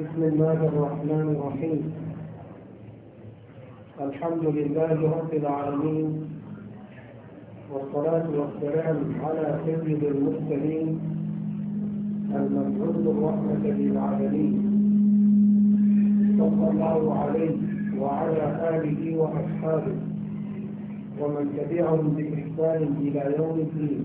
بسم الله الرحمن الرحيم الحمد لله رب العالمين والصلاة والسلام على سيد المرسلين المبعوث الرحمة للعالمين صلى الله عليه وعلى آله وأصحابه ومن تبعهم بإحسان إلى يوم الدين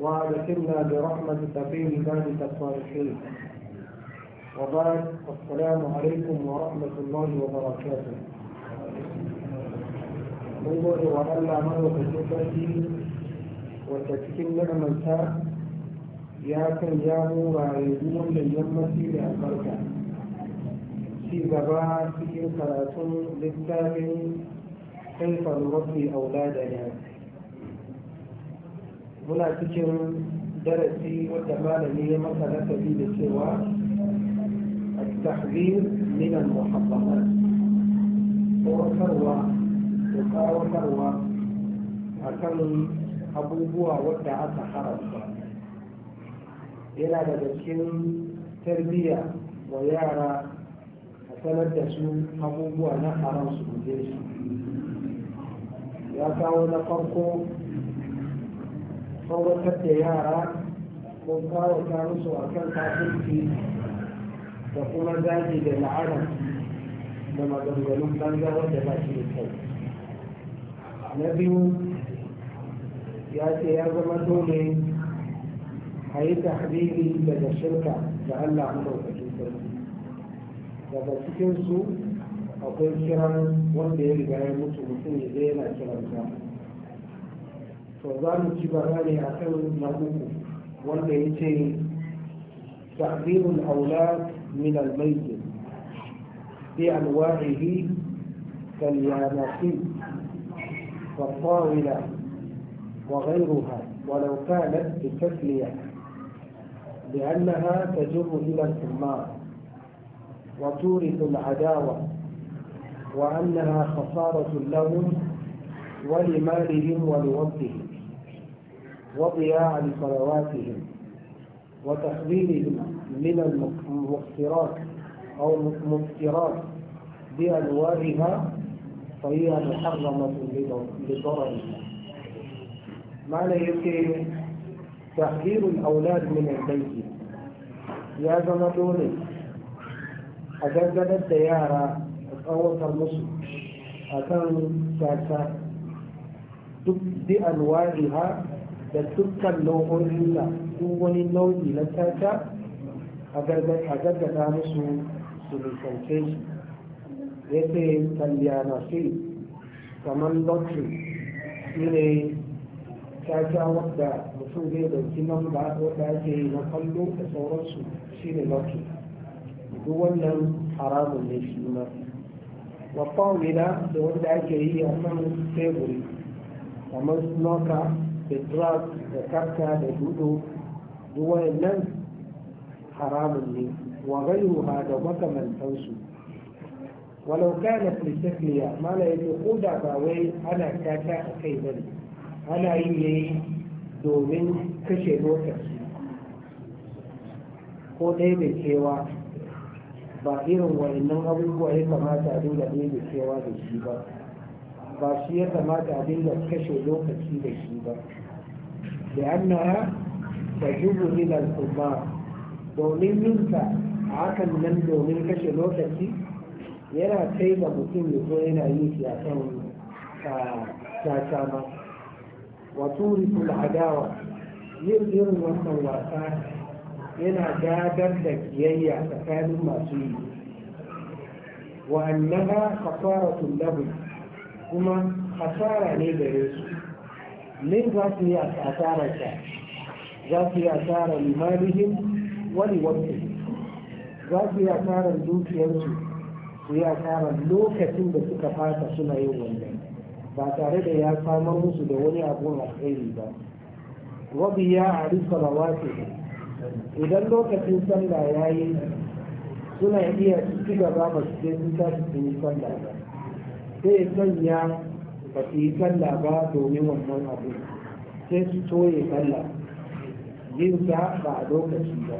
وادخلنا برحمتك في عبادك الصالحين وبعد السلام عليكم ورحمة الله وبركاته نقول وألا مرة بسيطتي وتكتم نعمتها يا كان يا مورا يدوم للجنة لأبركة في غباء في كراتون للتابع كيف نربي أولادنا muna cikin darasi wata malami ya masa nasabi da cewa التحذير من المحرمات وكروة وكاوة كروة أكل أبوبها ودعت حرمها إلى لدكين تربية ويارى أتلدسوا أبوبها نحرم سبجيش يا كاوة فرقوا kawatar da yara ko kawata musu a kan kafirki da kuma zagi da la'ana da maganganun banza wanda ba shi da kyau na biyu ya ce ya zama dole a yi tahriri daga shirka da allah maɗaukakin sarki daga cikinsu akwai kiran wanda ya riga ya mutu mutum ya yana kiransa to za mu ci bayani a kan na uku wanda ya ce والطاولة وغيرها ولو كانت بتسلية لأنها تجر إلى الحمار وتورث العداوة وأنها خسارة لهم ولمالهم ولوطهم وضياع لصلواتهم وتحذيرهم من المفترات أو المفترات بأنواعها فهي محرمة لضررها معنى يمكن تحذير الأولاد من البيت يا زمدوني أجدد الديارة أو المسلم أكان ساسا بأنواعها da dukkan da duk wani nau'i na tata a gargada musu su nisance shi ya ce kalyanasi kamar lottery shi ne tata wadda mutum zai dauki nan ba wadda ake yi na kallo da sauransu shi ne lottery duk wannan haramun ne shi ma wa da wanda ake yi a kan teburi kamar snooker da drug da karta da judo duk wayannan haramun ne wa ha da makamantansu walau kana fi shakliya mala yake ko da ba wai ana kata a kai bane ana yi ne domin kashe lokaci ko ɗaya da cewa ba irin wa'annan abubuwa ya kamata a dinga ɗaya cewa da shi ba ba shi ya kamata a dinga kashe lokaci da shi ba da annaha da jubu ila al-umma domin a hakan nan domin kashe lokaci yana kai ga mutum ya zo yana yin shi a kan ma wa turisul adawa yin irin wannan wasa yana gadar da kiyayya tsakanin masu yi wa annaha kafaratun lahu kuma hasara ne da su ne za su yi asara ta za su yi asara limalihim wani wasu za su yi asara dukiyarsu su yi asara lokacin da suka fata suna yin wannan ba tare da ya samar musu da wani abun alkhairi ba wabi ya ari salawati idan lokacin sallah ya yi suna iya ci gaba ba su je sun tashi sun yi sallah ba sai sanya ba su yi sallah ba domin wannan abu sai su toye sallah yin sa ba a lokaci ba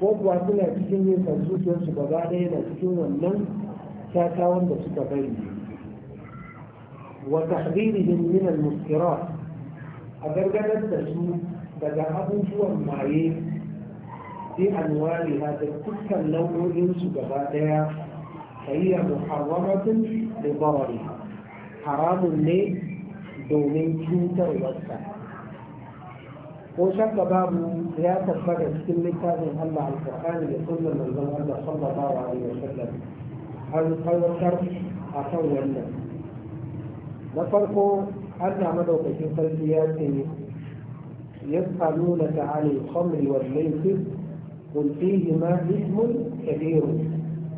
ko kuwa suna cikin yin sansu su gaba ɗaya na cikin wannan kyakkyawan da suka bari wa tahdhirihim min al-muskirat a gargadar da su daga abubuwan maye sai anwariha da dukkan nau'o'in su gaba ɗaya هي محرمة لضررها حرام لي دومين كنت وقتا وشك باب يا تبقى في المثال هل على القرآن لكل من ظن أن صلى الله عليه وسلم هل قول الشر أقول أن نفرق أن عمدوا في الفرديات يسألونك عن الخمر والميسر قل فيهما اسم كبير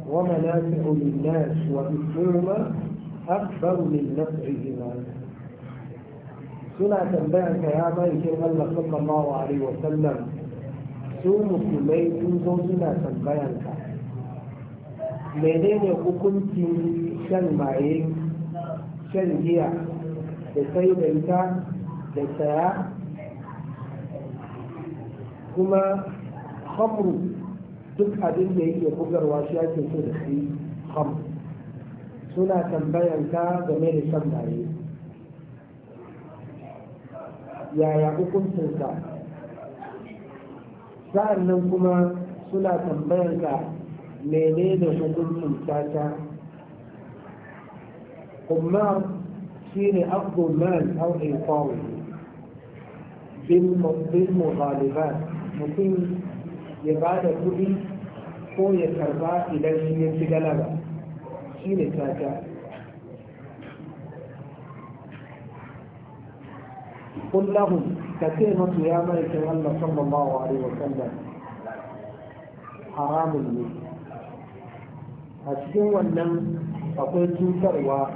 ومنافع للناس وإثمهما أكثر من نفعهما suna tambayan ka ya ma'aikin Allah sallallahu alaihi wa sallam su musulmai sun zo suna tambayan ka menene hukuncin shan maye shan giya da sai da ita kuma khamru duk abin da yake bugarwa shi ake so da shi ham suna tambayan ka game da shan maye yaya hukuncinsa sa'an nan kuma suna tambayan ka menene hukuncin tata kuma shi ne abdul man au ilfawi bil mutum ya ba da kuɗi ko ya karba idan shi ya ci galaba shi ne tata Kullum, ka ce masu ya maikin Allah sallallahu alaihi wa sallam haramun ne a cikin wannan akwai cutarwa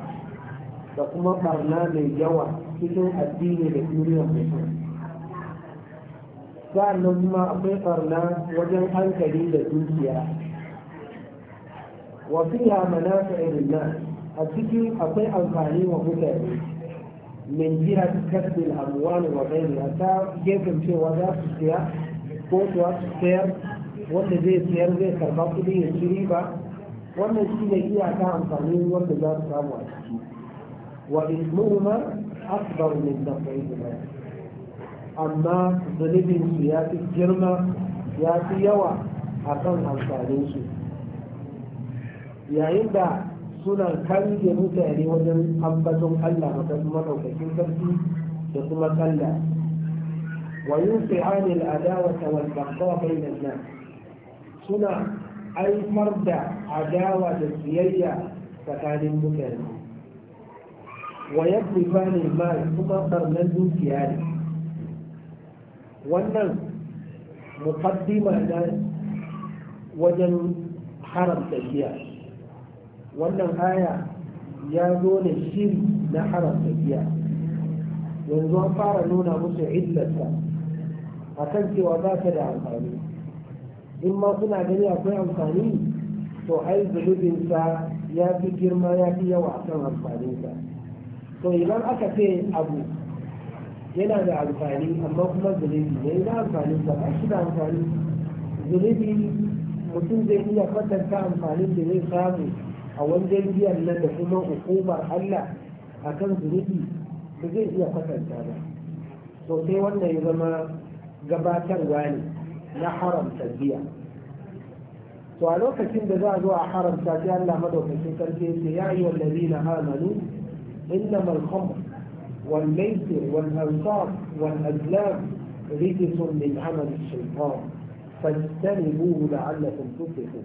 da kuma barna mai yawa cikin addini da duniyar mutum sa'annan kuma akwai farna wajen hankali da dukiya wa fiha manafi'un nas a cikin akwai amfani wa mutane min jihat kasbil amwal wa A ta gefen cewa za su siya ko su sayar wanda zai sayar zai karba kuɗi ya ci riba wannan shi ne iyaka amfani wanda za su samu a ciki wa ismuhuma akbar min nafihima amma zunubinsu ya fi girma ya fi yawa a kan amfaninsu yayin da suna kange mutane wajen ambaton Allah madaukakin sarki da kuma sallah wa yunfi'ani al-adawata wal bai da nan? suna aifar da adawa da siyayya tsakanin mutane wa yadrifani al-mal kuma ɓarnar dukiya ne wannan mukaddima na wajen haramta giya wannan aya ya zo ne shi na haramta giya yanzu an fara nuna musu illarsa a kan cewa za ta da amfani in ma suna gani akwai amfani to ai zunubinsa ya fi girma ya fi yawa a kan amfaninsa to idan aka ce abu yana da amfani amma kuma zunubi ne yana amfani ba a shi da amfani zunubi mutum zai iya kwatanta amfanin da zai samu a wajen biyan nan da kuma hukumar Allah a kan zunubi ba zai iya kwatanta ba to sai wannan ya zama gabatarwa ne na haramta biya to a lokacin da za a zo a haramta sai Allah madaukakin karfe sai ya yi wallazi na amanu inna Malcom. والميسر والأنصار والأزلام رجس من عمل الشيطان فاجتنبوه لعلكم تفلحون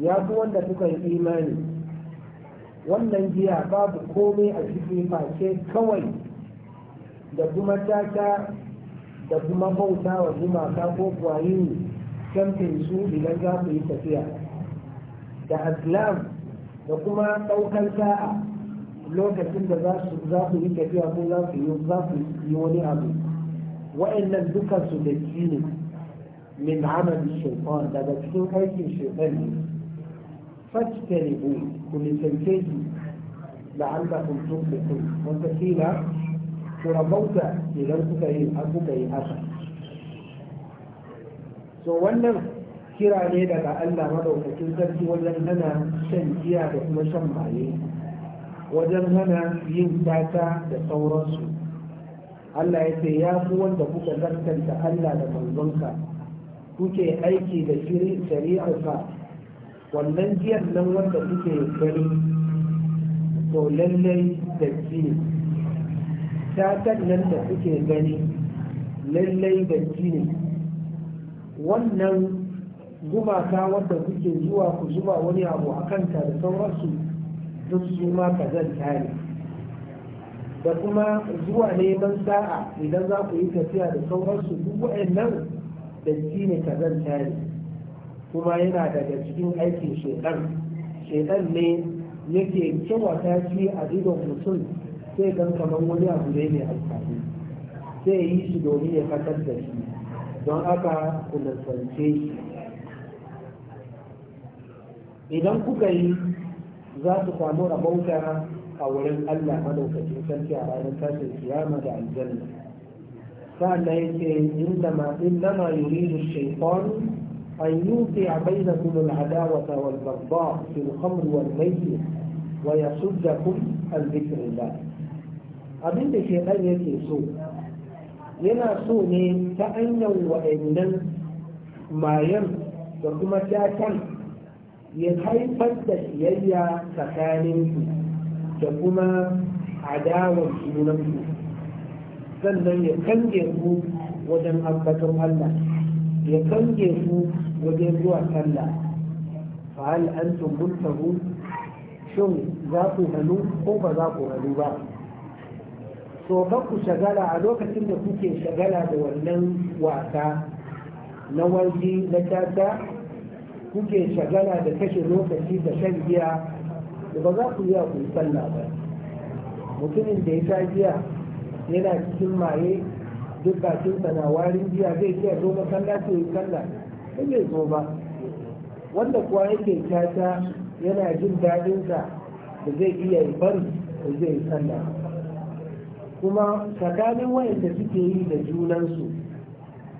يا أخوان لتكن إيماني wannan giya babu komai a cikin face kawai da kuma taka da kuma bauta wa gumaka ko kuwa yin camfin su idan za ku yi tafiya da aslam da kuma ɗaukar sa'a lokacin da za su za su yi tafiya ko za su yi za su yi wani abu wa'annan dukkan su da ne min amali shaitan daga cikin aikin shaitan ne fajtani bu ku nisance shi la'allakum tuflihun wata kila ku rabauta idan kuka yi kuka yi haka so wannan kira ne daga Allah madaukakin sarki wajen tana shan giya da kuma shan maye wajen hana yin tata da sauransu Allah ya ce ya fi wanda kuka zartanta Allah da manzonka kuke aiki da shari'arsa wannan jiyar nan wanda kuke gani to lallai da ne tatan nan da kuke gani lallai da ne wannan gumaka wanda kuke zuwa ku zuba wani abu a kanta da sauransu duk su ma kazanta ne da kuma zuwa neman sa'a idan za ku yi tafiya da sauransu duk wa'annan da shi ne kazanta ne kuma yana daga cikin aikin shekar shekar ne yake ta shi a idon mutum sai gan kamar wani abu ne mai alfahari sai yi shi domin ya fatar da shi don aka kunasance shi idan kuka yi ذات قامو أو أولاً ألا ملوكا تنسلك على نفس القيامة عن الجنة فأنا إنما إنما يريد الشيطان أن يوقع بينكم العداوة والبغضاء في الخمر والميت ويصدكم الذكر ذكر الله أبن الشيطان يكيسو ينا سوني تأين وإنن ما يم وكما تأكل ya haifar da siyayya tsakaninku da kuma adawar junanku sannan ya kange ku wajen ambaton Allah ya kange ku wajen zuwa Allah fa hal antum muntahu shin za ku hannu ko ba za ku hannu ba so ku shagala a lokacin da kuke shagala da wannan wasa na waje na tata kuke shagala da kashe lokaci da shan giya da ba za ku yi a sallah ba mutumin da ya sha giya yana cikin maye duk bakinsa na warin giya zai ce zo ce yi sallah ba zai zo ba wanda kuwa yake kyata yana jin dadinsa da zai iya yi bari da zai yi sallah kuma tsakanin wayanda suke yi da junansu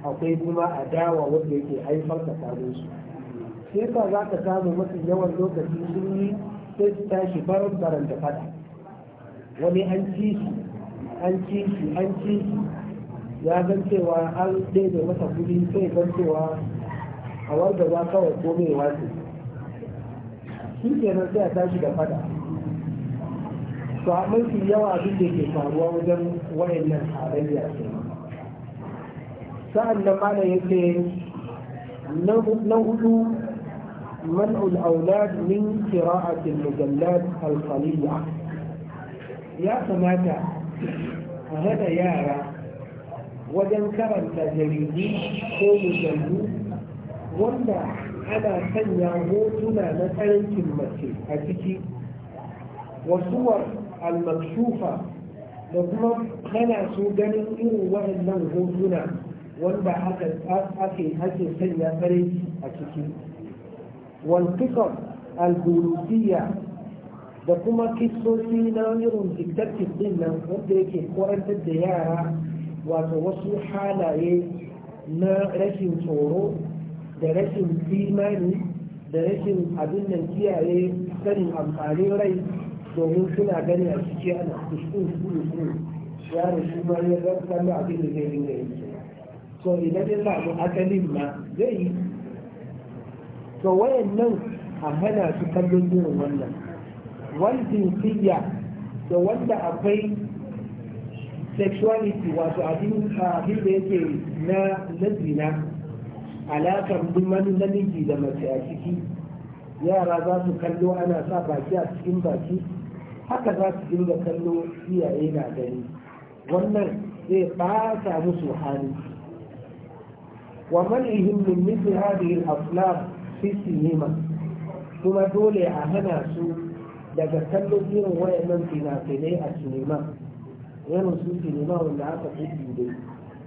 akwai kuma adawa wanda yake haifar tsakaninsu sai ba za ka samu mafi yawan lokaci sun yi sai su tashi baran baran da fada wani an ci shi an ci shi an ci shi ya zan cewa an ɗaya masa kuɗi sai zan cewa a wanda za kawai komai wasu shi nan sai a tashi da fada to a mafi yawa abin da ke faruwa wajen wayannan halayya ce sa'an nan mana yake na hudu منع الأولاد من قراءة المجلات القليلة يا سماكة هذا يارا وجن كرنت جريدي ko mujallu wanda ana sanya hotuna na tsarancin mace a ciki wasuwar almakshufa da kuma kana so ganin irin waɗannan hotuna wanda ake sanya tsarainci a ciki والقصص البولوسية da kuma kisosi na irin diktattif din nan wanda yake kwarantar da yara wato wasu halaye na rashin tsoro da rashin imani da rashin abin nan kiyaye sanin amfanin rai domin suna gani a ciki ana kuskun kuskun yaro shi ma ya zama abin da zai dinga yi so idan ya samu asalin ma zai yi to wayannan a hana su kallon irin wannan wani siya da wanda akwai sexuality wato abin da yake na lazina alakar duman namiji da mace a ciki yara za su kallo ana sa baki a cikin baki haka za su dinga kallo iyaye na gani wannan zai ɓata musu hali wa manihim min mithli hadhihi al-aflam fisinima kuma dole a hana su daga kallon irin nan fina-finai a sinima irin su sinima wanda aka fi dai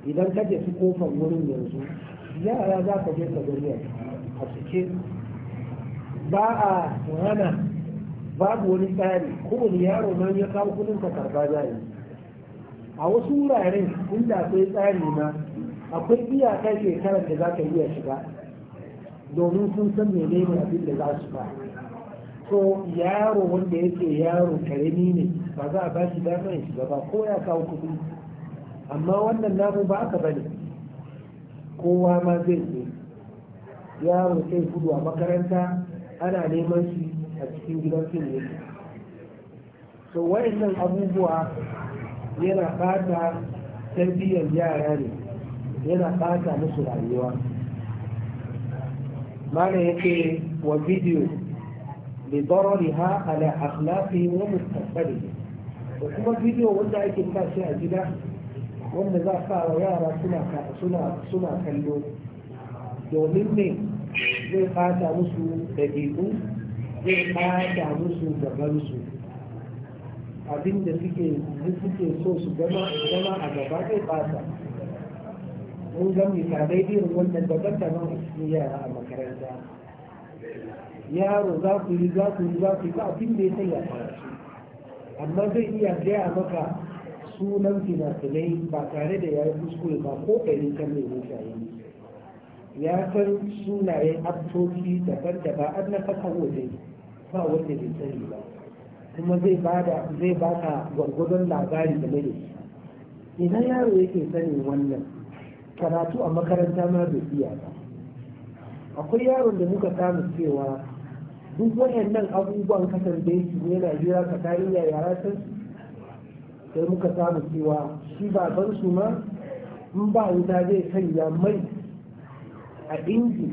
idan ka je su kofar wurin yanzu yara za ka je ka gani a cike ba a hana babu wani tsari kowane yaro nan ya kawo kudin ka karba zai a wasu wuraren inda akwai tsari na akwai iyaka shekarar da za ka iya shiga domin sun san ne abin da za su ba so yaro wanda yake yaro karami ne ba za a ba shi damar ya shiga ba ko ya kawo kuɗi amma wannan namu ba aka bane kowa ma zai je yaro sai gudu a makaranta ana neman shi a cikin gidan fim ne so wayannan abubuwa yana bata tarbiyyar yara ne yana bata musu rayuwa ماله وفيديو لضررها على أخلاقه ومستقبله وكما فيديو ولد أيك الناس يا أجلا ومن ذا يا سنة سنة سنة كلو دونيني زي قاتا مسو دقيقو زي قاتا مسو دقلسو abin da suke suke so su gama gama a gaba zai fata mun ga misalai irin wannan da ban da nan ya yara a makaranta yaro za ku yi za ku yi za ku yi ba abin da ya sanya karatu amma zai iya gaya maka sunan finafinai ba tare da yi kuskure ba ko ɗari kan mai yi ya san sunayen abtoki daban-daban an na kasa waje ba wanda bai sani ba kuma zai bada zai baka gwargwadon labari game da shi ina yaro yake sanin wannan karatu a makaranta ma bai iya ba akwai yaron da muka samu cewa duk wayannan abubuwan kasar da yake yana jira tsakanin yara san sai muka samu cewa shi baban su ma in ba wuta zai sanya mai a inji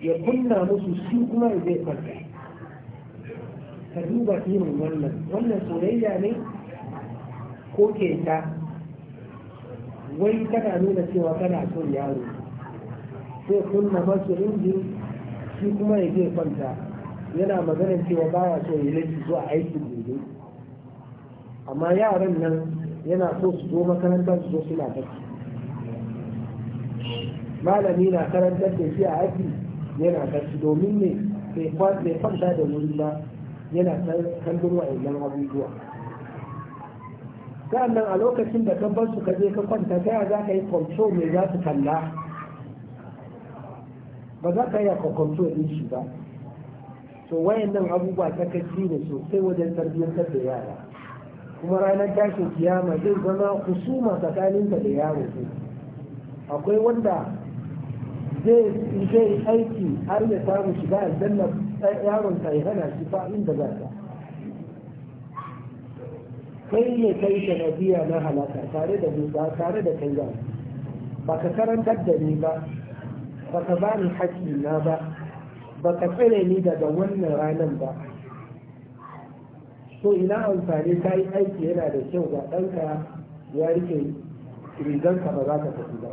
ya kunna musu shi kuma zai kwanta ka duba irin wannan wannan soyayya ne ko ta wai kana nuna cewa kana son yaro sai kunna masu inji shi kuma ya je kwanta yana maganar cewa baya so ya laifi zuwa aiki gobe amma yaran nan yana so su zo makarantar su zo suna tafi malami na karantar da shi a aiki yana tafi domin ne sai kwanta da wuri ba yana kallon wa'annan abubuwa sa'annan a lokacin da ka su ka je ka kwanta ta za ka yi kwanto mai za su kalla ba za ka iya kwakwanto ɗin shi ba to wayannan abubuwa ta kaci ne sosai wajen tarbiyyantar da yara kuma ranar tashin kiyama zai zama husuma tsakaninka da yaro akwai wanda zai aiki har ya samu shiga aljanna eh, yaron sa ya hana shi fa inda za ka kai ne kai nabiya na halaka tare da ba tare da kai ba ka karantar da ni ba baka ba ni na ba baka tsare ni daga wannan ranar ba so ina amfani ka yi aiki yana da kyau ga ɗanka ya rike ka ba za ka tafi ba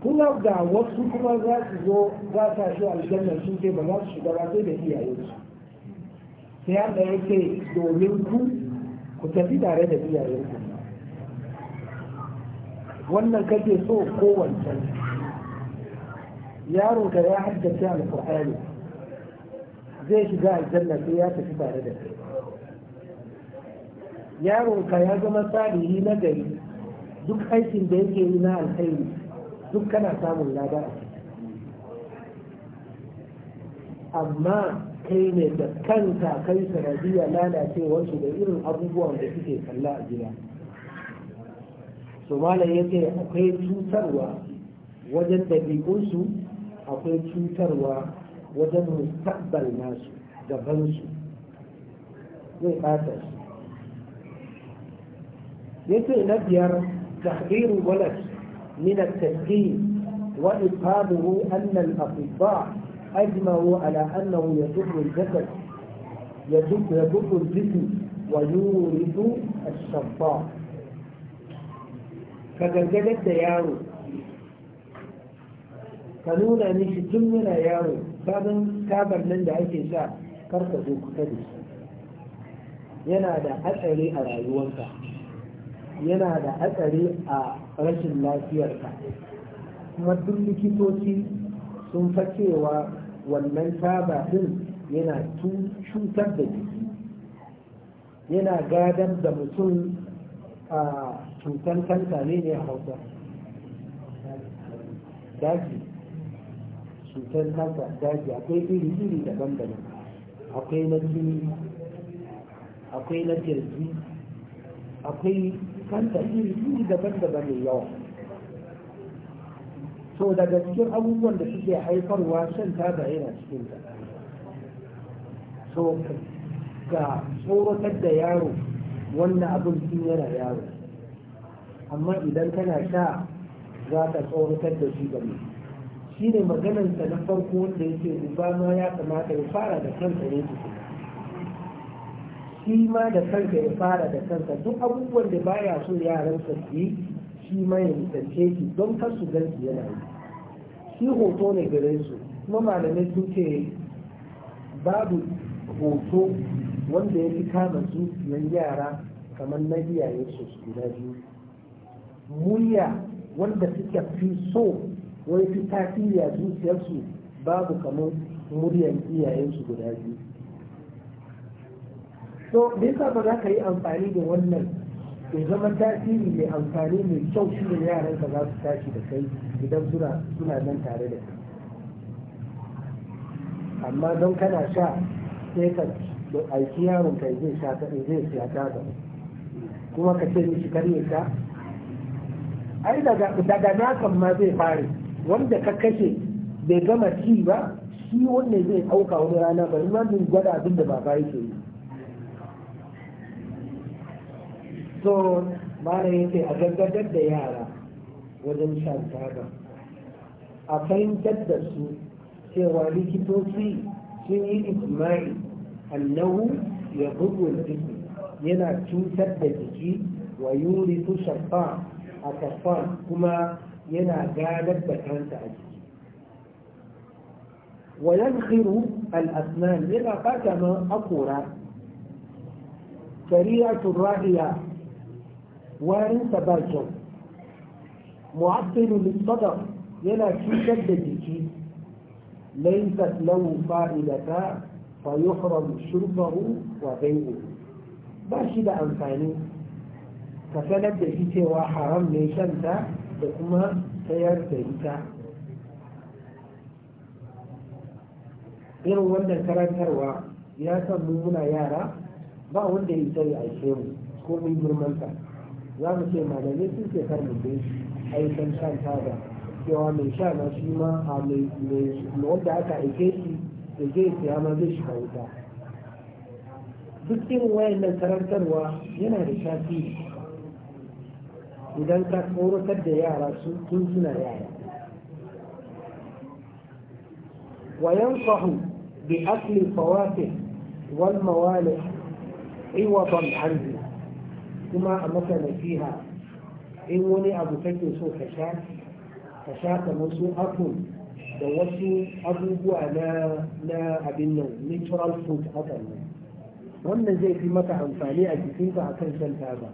kuma ga wasu kuma za su zo za ta shi aljanna sun ce ba za su shiga ba sai da iyaye su sai ya ce domin ku ku tafi tare da iyayen ku wannan kake so ko yaron ka ya haddace alƙur'ani zai shiga aljanna sai ya tafi tare da kai Yaronka ka ya zama salihi na gari duk aikin da yake yi na alkhairi duk kana samun lada amma kai ne da kanka kai sanadiyya lalacewarsu da irin abubuwan da suke kalla a gida su ya ce akwai cutarwa wajen ɗabi'unsu akwai cutarwa wajen mustaqbal nasu gabansu zai ɓata shi yace na biyar tahriru walad min at-tadqin wa ifhamuhu anna al-atibba ajma'u ala annahu yadurru al-jasad يدب الجسم ويورث الشيطان كجلجلة يارو ka nuna shi tun yana yaro sabon tabar nan da ake sa karka zo kuka da shi yana da hatsari a rayuwarka yana da hatsari a rashin lafiyarka kuma duk likitoci sun facewa wannan taba din yana cutar da jiki yana gadar da mutum a cutar kanta ne ne a hausa daji cutar haka daji akwai iri iri daban-daban akwai na jini akwai na kirji akwai kanta iri iri daban-daban mai yawa so daga cikin abubuwan da suke haifarwa shan taba yana cikin ta so ga tsoratar da yaro wannan abin sun yana yaro amma idan kana sha za ka tsoratar da shi game shi ne maganarsa na farko wanda ce uba ma ya kamata ya fara da kansa ne tukuna shi ma da kanka ya fara da kansa duk abubuwan da baya so yaransa su yi shi ma ya nisance shi don kar su gan su yana yi shi hoto ne gare su kuma malamai sun ce babu hoto wanda ya fi kama zuciyar yara kamar na iyaye su guda biyu murya wanda suke fi so wai fi tasiri a zuciyarsu babu kamar muryan iyayensu guda biyu so me yasa ba za ka yi amfani da wannan ya zama tasiri mai amfani mai kyau shi da yaran ka za su tashi da kai idan suna nan tare da kai amma don kana sha sai ka aiki yaron ka zai sha zai sha ta kuma ka ce mishi kar ya sha ai daga daga nakan ma zai fare wanda ka kashe bai gama ci ba shi wanda zai ɗauka wani rana ba ma min gwada abin da baba yake yi so mana yake a gaggadar da yara wajen shan ba a fahimtar da su cewa likitoci sun yi ijma'i annahu ya bugun jiki yana cutar da jiki wa yuri shafa a kuma yana ganar da kansa a jiki Wayan yankhiru al-asnan yana fata man akora shari'atu rahiya warin ba kyau mu'abbilu lisadar yana cutar da jiki laysat lahu fa'idata fa yuhram shurbahu wa bai'uhu ba shi da amfani ka sanar da shi cewa haram ne shanta da kuma tayar da ita irin wannan karantarwa ya san mu muna yara ba wanda ya isa a aike mu ko mun girmanta za mu ce malamai sun ce kar mu bi aikin shan tada cewa mai sha na shi ma a mai wanda aka aike shi da zai siya ma zai shiga wuta duk irin wayannan karantarwa yana da shafi. idan ka tsoratar da yara su tun suna yaya wal بأكل الفواكه والموالح hanzu Kuma a maka nasiha, in wani abu kake so ka sha ka sha kamar su aku da wasu abubuwa na abin nan natural food haka ne wannan zai fi maka amfani a jikinka akan kan shan taba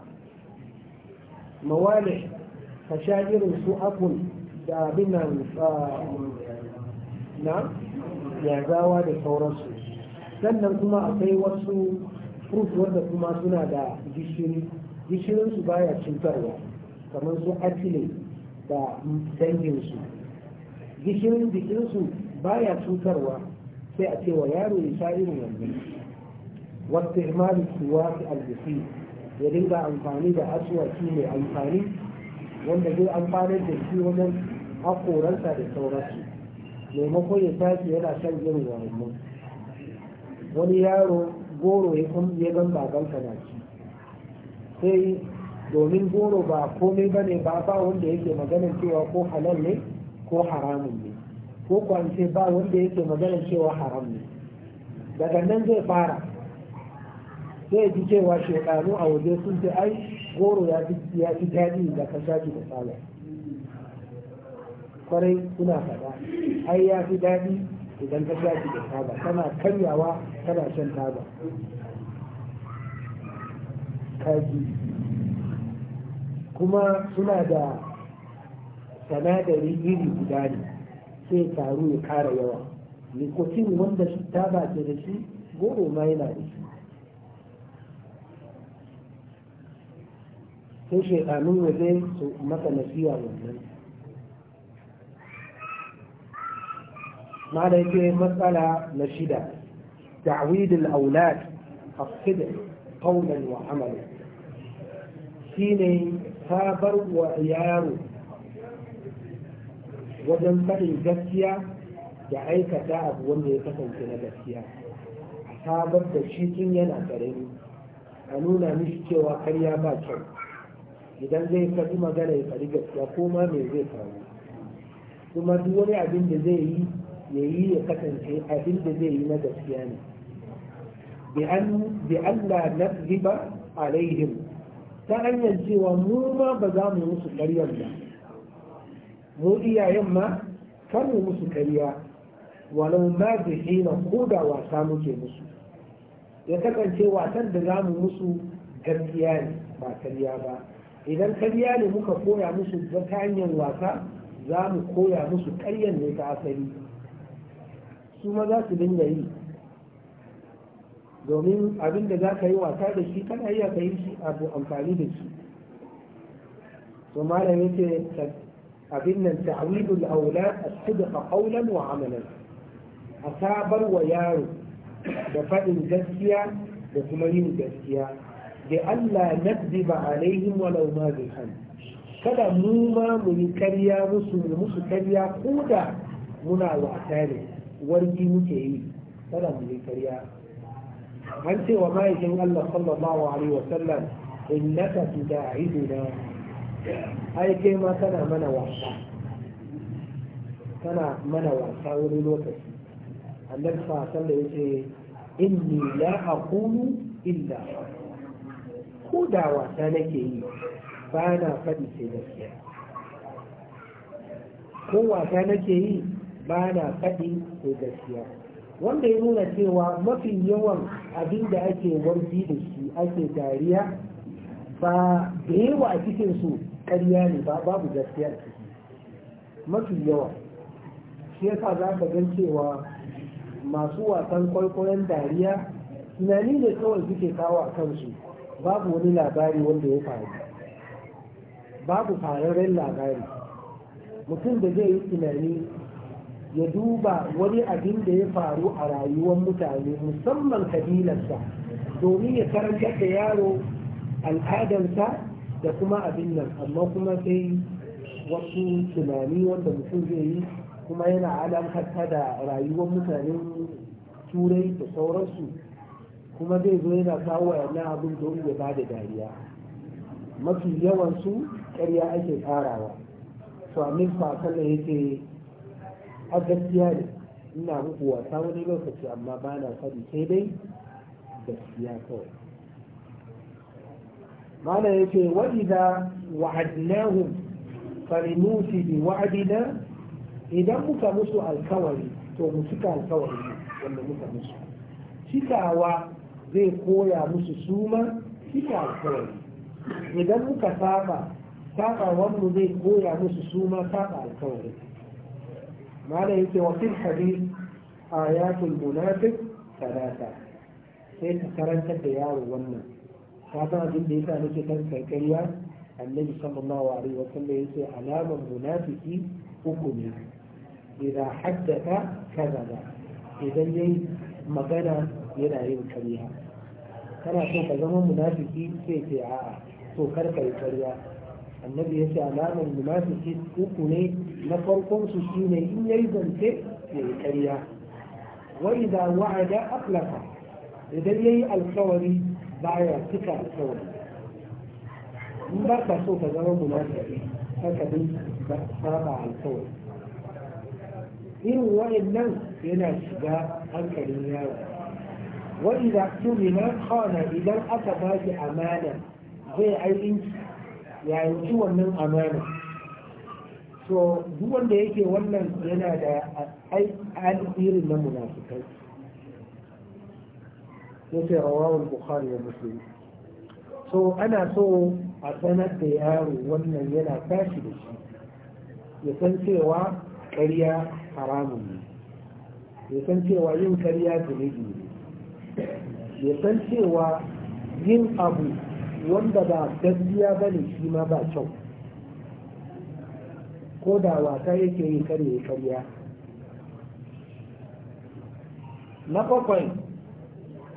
mawale ka sha irin su apple da abin nan ah, na da sauransu sannan kuma akwai wasu fruit da kuma suna da gishiri gishirinsu baya cutarwa kamar su atile da danginsu gishirin jikinsu baya cutarwa sai a cewa yaro ya sha irin wannan wasu ihmalin suwa fi albisi ya dinga amfani da asuwaki mai amfani wanda zai amfanar da shi wajen akoransa da sauransu maimakon ya tashi yana shan jin wani wani yaro goro ya kuma ya gan bagan na sai domin goro ba komai ba ne ba ba wanda yake maganin cewa ko halal ne ko haramun ne ko kwance ba wanda yake maganin cewa haram ne daga nan zai fara sai ji cewa shekaru a waje sun ce ai goro ya fi daɗi da ka shafi da tsala kwarai suna faɗa ai ya fi daɗi idan ka shafi da taba tana karyawa tana shan taba kaji kuma suna da sanadari iri guda ne sai taru ya kara yawa nikotin wanda taba ce da shi goro ma yana da shi sai ya zai su maka nasiya wannan ma yake matsala na shida ta'widul aulad as qawlan wa amalan shine sabar wa yaro wajen faɗin gaskiya da aikata abu wanda ya kasance na gaskiya a sabar da shi tun yana ni a nuna mishi cewa karya ba kyau idan zai faɗi magana ya faɗi gaskiya ko ma me zai faru kuma duk wani abin da zai yi ya yi ya kasance abin da zai yi na gaskiya ne bi an la a alaihim ta hanyar cewa mu ma ba za mu musu karyar ba mu iyayen ma kan mu musu karya walau ma da hina ko da wasa muke musu ya kasance wasan da za mu musu gaskiya ne ba karya ba idan karya ne muka koya musu ta wasa za mu koya musu ƙaryan ne ta asali su ma za su dinga yi domin abin da za ka yi wasa da shi kana iya ka yi shi abu amfani da shi to malam yake abin nan ta'widul aula as-sidqa qawlan wa amalan asabar wa yaro da faɗin gaskiya da kuma yin gaskiya da Allah a alaihim walau ma bi kada mu ma mu yi karya musu mu musu karya ko da muna wasa ne wargi muke yi kada mu yi karya an ce wa ma'aikin Allah sallallahu alaihi wa sallam innaka tuda'iduna ai kai ma kana mana wasa kana mana wasa wani lokaci annabi sallallahu alaihi wa sallam yace inni la aqulu illa ko da wasa nake yi ba na faɗi sai gaskiya ko wasa nake yi ba na faɗi sai gaskiya wanda ya nuna cewa mafi yawan abin da ake warji da shi ake dariya ba da yawa a cikin su ƙarya ne ba babu gaskiya a mafi yawa shi yasa za ka gan cewa masu wasan kwaikwayon dariya tunani ne kawai suke kawo a kansu babu wani labari wanda ya faru babu fararren labari mutum da zai yi tunani ya duba wani abin da ya faru a rayuwar mutane musamman kabilarsa domin ya karantar da yaro al'adarsa da kuma abin nan amma kuma sai wasu tunani wanda mutum zai yi kuma yana alamkarta da rayuwar mutanen turai da sauransu kuma zai zo yana kawo yana abin don ya ba da dariya mafi yawan su ƙarya ake tsarawa to amin fasalla ya ce a gaskiya ne ina muku wasa wani lokaci amma ba na faɗi sai dai gaskiya kawai mana ya ce da wa'adnahum farinusi bi wa'adina idan muka musu alkawari to mu cika alkawari wanda muka musu cikawa zai koya musu suma cika alkawari idan muka saba saba wanda zai koya musu suma saba alkawari ma da yake wakil hadis ayatul munafiq talata sai ka karanta da yaro wannan ka san abin da yasa nake kan karkariya annabi sallallahu alaihi wa sallam yace alaman munafiki uku ne idan haddata kaza idan yayi magana yana yin karya kana so ka zama munafiki sai ce a'a to kar kai karya annabi ya ce alamar munafiki uku ne na farkon su shine in yayi zance yayi karya wa idza wa'ada Aflaka idan yayi alkawari baya cika alkawari in ba ka so ka zama munafiki haka dai ba saba alkawari irin wa'annan yana shiga hankalin yaro وإذا اؤتمن خان إذا أتى باجي أمانة zai ainihin yayin ci wannan amana so duk wanda yake wannan yana da al'irin na munafikai yake rawawar bukhari da musulmi so ana so a sanar da yaro wannan yana tashi da shi ya san cewa ƙarya haramun ne yin ƙarya zunubi ne ya san cewa yin abu wanda ba gaskiya ba ne shi ma ba kyau ko da wata yake yi ya karya na bakwai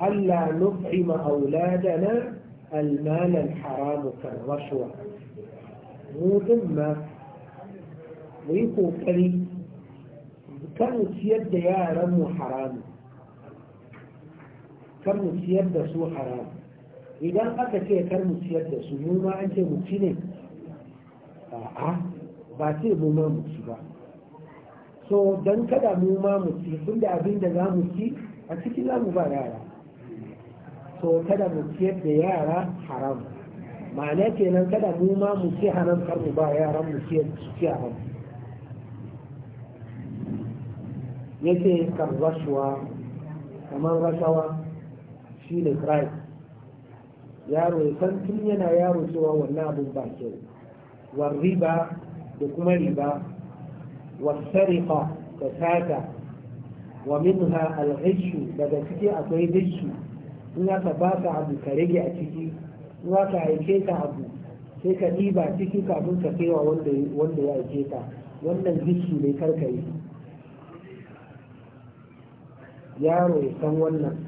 Allah nufi ma'aula da na almanan haramu mu mutum ma mu yi kokari kan ciyar da yaranmu mu haramu kar mu ciyar da su haram idan aka ce kar mu ciyar da su mu ma an ce mu ci ne a'a ba ce mu ma mu ci ba so don kada mu ma mu ci tunda abin da za mu ci a cikin za mu ba yara so kada mu ciyar da yara haram ma'ana kenan kada mu ma mu ci haram kar mu ba yaran mu ciyar su ci haram yake kan rashuwa kamar rashawa ne christ yaro ya san tun yana yaro cewa wannan abun ba kyau wa riba da kuma riba wa sarifa da sata wa minha al-ghishu daga ciki akwai dishi in aka ba ka abu ka rage a ciki in aka aike ka abu sai ka ɗiba ciki kafin ka kaiwa wanda ya aike ka wannan dishi ne karka yi yaro ya san wannan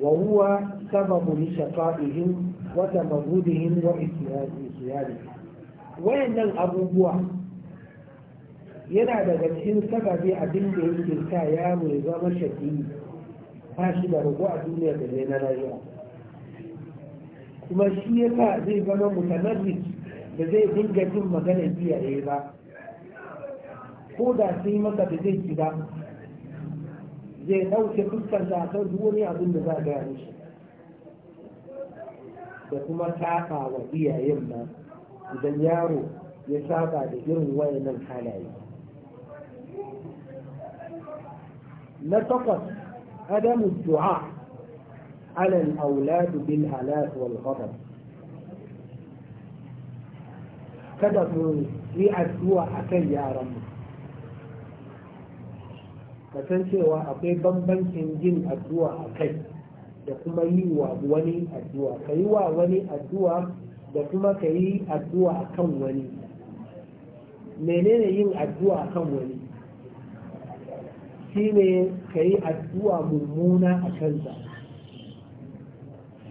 وهو سبب لشقائهم وتمردهم وإسيادهم wayannan abubuwa yana daga cikin sababi abin da yake sa yaro ya zama shaƙi ba shi da rago a duniya da zai na rayuwa kuma shi ya sa zai zama mutanen da zai dinga jin magana iyaye ba ko da sun yi da zai ci ba zai ɗauke fuskar da kan wani abin da za a gaya mishi da kuma taɓa wa iyayen ma idan yaro ya saba da irin wayannan halaye na takwas adamu du'a ala al-aulad bil halak wal ghadab kada mu yi addu'a akan yaran mu ka san cewa akwai bambancin yin addu'a a kai da kuma yi wa wani addu'a ka yi wa wani addu'a da kuma ka yi addu'a a kan wani menene yin addu'a a kan wani shi ne ka yi addu'a mummuna a kansa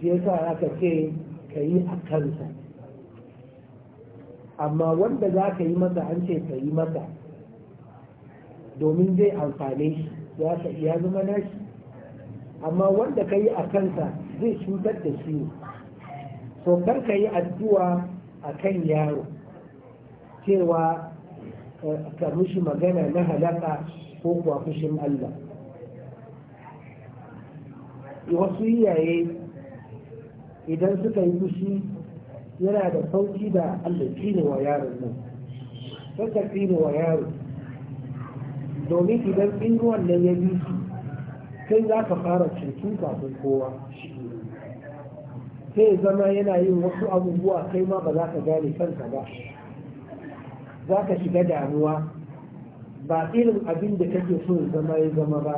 shi sa aka ce ka yi a kansa amma wanda za ka yi masa an ce ka yi masa domin zai amfane shi ya zama nashi amma wanda ka yi a kansa zai cutar da shi so kar ka yi addu'a a kan yaro cewa eh, ka mushi magana na halaka ko kuwa fushin Allah wasu iyaye idan suka yi fushi yana da sauki da Allah ne wa yaron nan suka wa yaro domin idan in ruwan nan ya bi su sai za ka fara cikin kafin kowa sai zama yana yin wasu abubuwa kai ma ba za ka gane kanka ba za ka shiga damuwa ba irin abin da kake so zama ya zama ba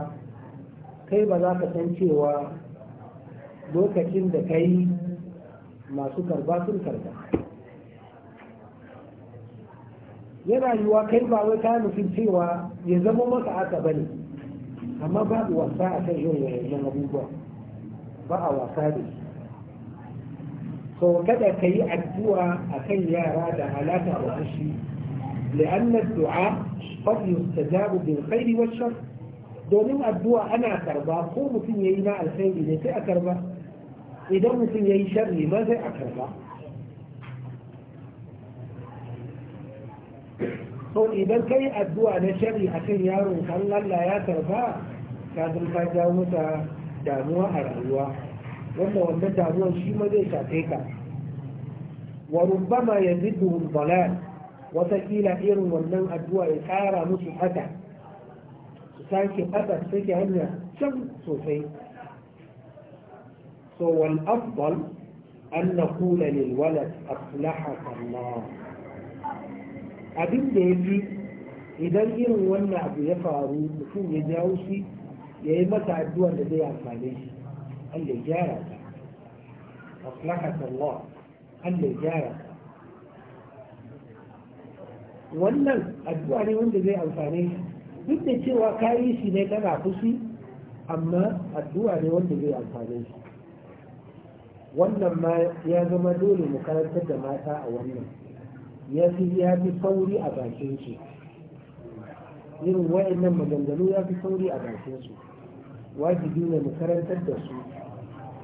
kai ba za ka san cewa lokacin da ka yi masu karba sun karba yana yiwa kai ba wai ta cewa ya zama maka aka ba ne amma babu wasa a kan irin wayannan abubuwa ba a wasa da shi so kada ka yi addu'a a kan yara da halaka da fushi لأن الدعاء قد يستجاب بالخير والشر domin addu'a ana karba ko mutum ya yi na alkhairi ne sai karba idan mutum ya yi sharri ma sai a karba to idan kai addu'a na shari a kan yaron kan Allah ya karba ka san ka jawo damuwa a rayuwa wanda wannan damuwar shi ma zai shafe ka wa rubbama yazidu dalal watakila irin wannan addu'a ya kara musu haka su sake fata su take hanya can sosai so wal afdal an lil walad Allah abin da ya fi idan irin wannan abu ya faru mutum ya jawo shi ya yi masa addu'a da zai amfane shi Allah ya gyara ta maslahat Allah Allah ya gyara ta wannan addu'a ne wanda zai amfane shi duk da cewa kayi shi ne kana fushi amma addu'a ne wanda zai amfane shi wannan ma ya zama dole mu karantar da mata a wannan ya fi ya fi sauri a bakin su irin wa'annan maganganu ya fi sauri a bakin su wajibi ne mu karantar da su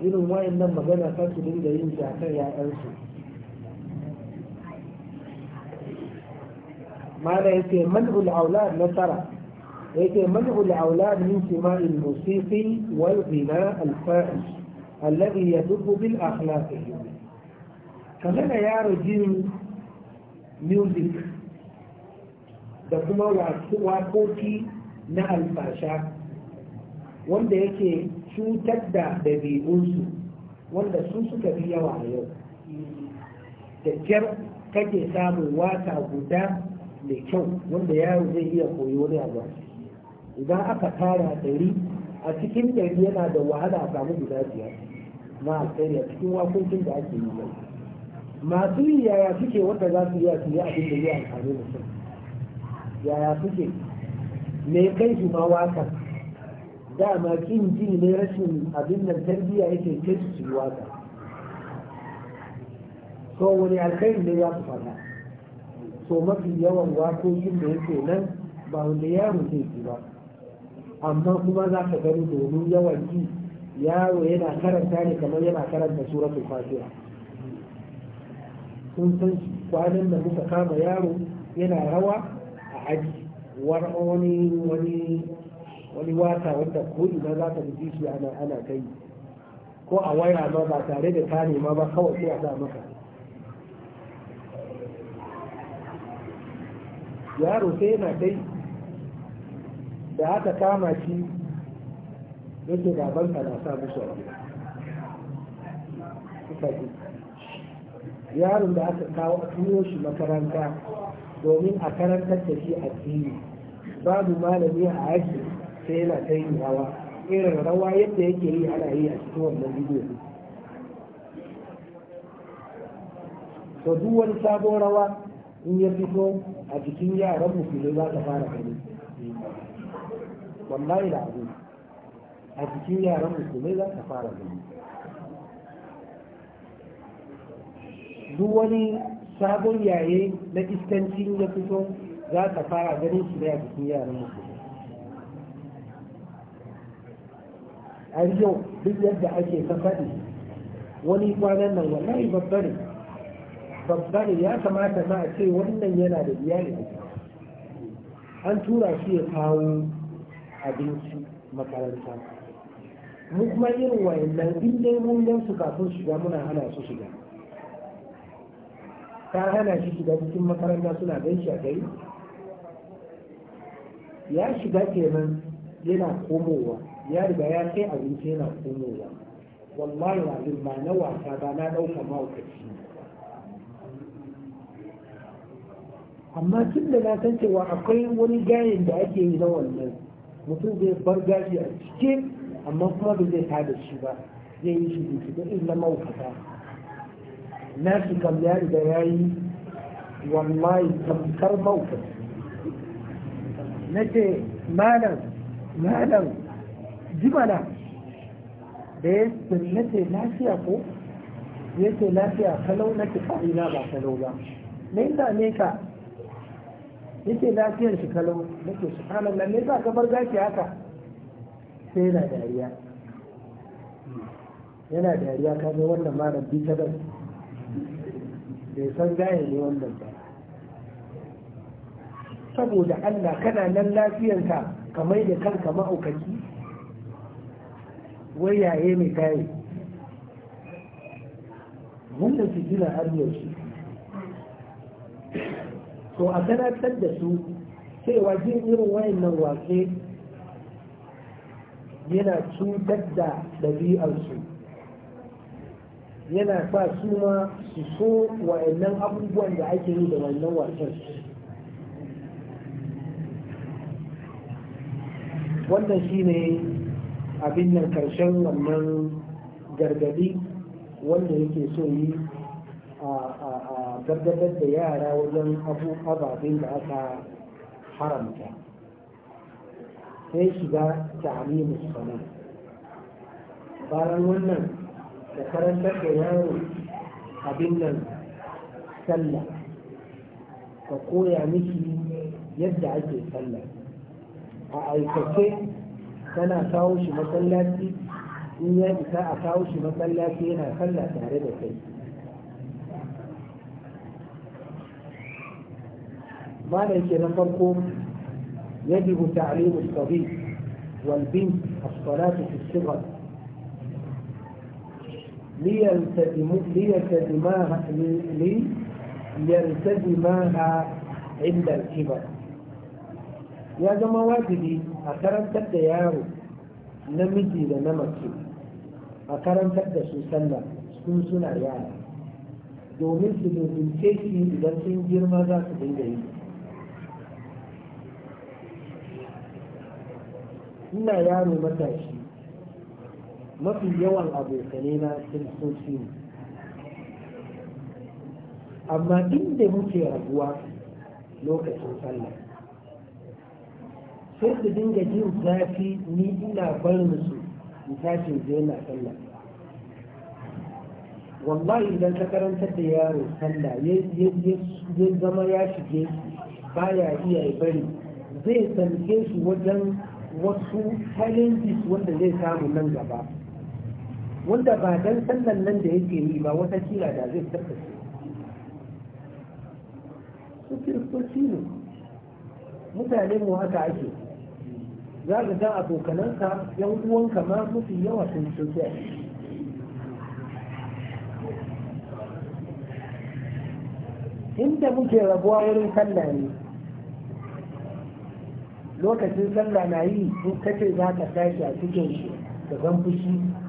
irin wa'annan magana ta su dinga yin jakar ya'yansu mana yake man'ul aulad na Ya yake man aulad min sima'il musiqi wal ghina al alladhi yadubbu bil akhlaqi kamar yaro jini. music da kuma wakoki na alfasha wanda yake cutar da ɗabi'unsu wanda sun suka fi yawa a yau da kyar kake samun wata guda mai kyau wanda yaro zai iya koyo ne a abu idan aka tara ɗari a cikin ɗari yana da wahala a samu guda biyar na alkhairi a cikin wakokin da ake yi yau masu yi yaya suke wanda za su yi a su abin da zai amfani da su yaya suke me kai su ma waka dama kin ji ne rashin abin nan tarbiyya yake kai su yi waka so wani alkhairi ne ya su fada so mafi yawan wakokin da yake nan ba wanda yaro zai ji ba amma kuma za ka gani domin yawan ji yaro yana karanta ne kamar yana karanta suratul fatiha sun san kwanan da muka kama yaro yana rawa a aji wani wani wata wanda ko ina za ka ji shi ana kai ko a waya ma ba tare da ta nema ba kawai sai a za maka yaro sai yana kai da aka kama shi yake da banka na sa musu a yaron da aka kawo a turo shi makaranta domin a karantar da shi addini babu malami a aji sai yana ta yin rawa irin rawa yadda yake yi ana yi a cikin wannan bidiyo to duk wani sabon rawa in ya fito a jikin yaran musulmi za ta fara gani wallahi da abu a cikin yaran musulmi za ta fara gani duk wani sabon yaye na iskanci ya fito za ka fara ganin su da cikin yaran musulmi a yau duk yadda ake ta faɗi wani kwanan nan wallahi babba ne babba ya kamata ma a ce wannan yana da iyali an tura shi ya kawo abinci makaranta mu kuma irin wayannan in dai mun su kafin shiga muna hana su shiga ka hana shi shiga cikin makaranta suna gan shi a gari ya shiga kenan yana komowa ya riga ya kai abinci yana komowa wallahi azim ba na wasa ba na ɗauka ma'aikaci amma tun da na san cewa akwai wani gayin da ake yi na wannan mutum zai bar gashi a cike amma kuma ba zai tada shi ba zai yi shi da illa maukata na shi kam ya da ya yi wallahi tamkar maukin na ce malam malam jimana da ya na ce lafiya ko ya ce lafiya kalau na ce ina ba kalau ba na yi ne ka ya ce lafiyar shi kalau na ce su kanan nan ne za ka bar gashi haka sai yana dariya yana dariya kaje wannan malam bi ta bai san gaya ne wannan ba saboda Allah kana nan lafiyarka kamar da kanka ma'aukaci wai yaye mai kaye wannan fitina har yaushe to a kanatar da su cewa waje irin wayannan wake yana cutar da ɗabi'arsu yana sa su ma su so wa'annan abubuwan da ake yi da wannan wasan wannan shi ne abin nan karshen wannan gargadi wanda yake so yi a gargadar da yara wajen abu ababen da aka haramta sai shiga ta su sana bayan wannan da karantar da yaro abin nan sallah ka koya miki yadda ake sallah a aikace kana kawo shi masallaci in ya isa a kawo shi masallaci yana sallah tare da kai malam ke na farko يجب تعليم الصبي Walbin, الصلاة في الصغر ليلتزماها ليلتزماها عند الكبر ya zama wajibi a karantar da yaro namiji da na mace a karantar da su sallah sun suna yara domin su dubince shi idan sun girma za su dinga yi ina yaro matashi mafi yawan abokanai na kiristoci ne amma inda muke rabuwa lokacin sallah sai su dinga jin zafi ni ina barin su in tashi zai na sallah wallahi idan ka karantar da yaro sallah ya zama ya shige ba baya iya bari zai sanke su wajen wasu challenges wanda zai samu nan gaba wanda ba dan sallan nan da yake yi ba wata kila da zai tabbace su kiristoci ne mutane mu haka ake za ka ga abokanansa yan uwanka ma mafi yawa sun sosai inda muke rabuwa wurin sallah ne lokacin sallah na yi in kace za ka tashi a cikin shi da fushi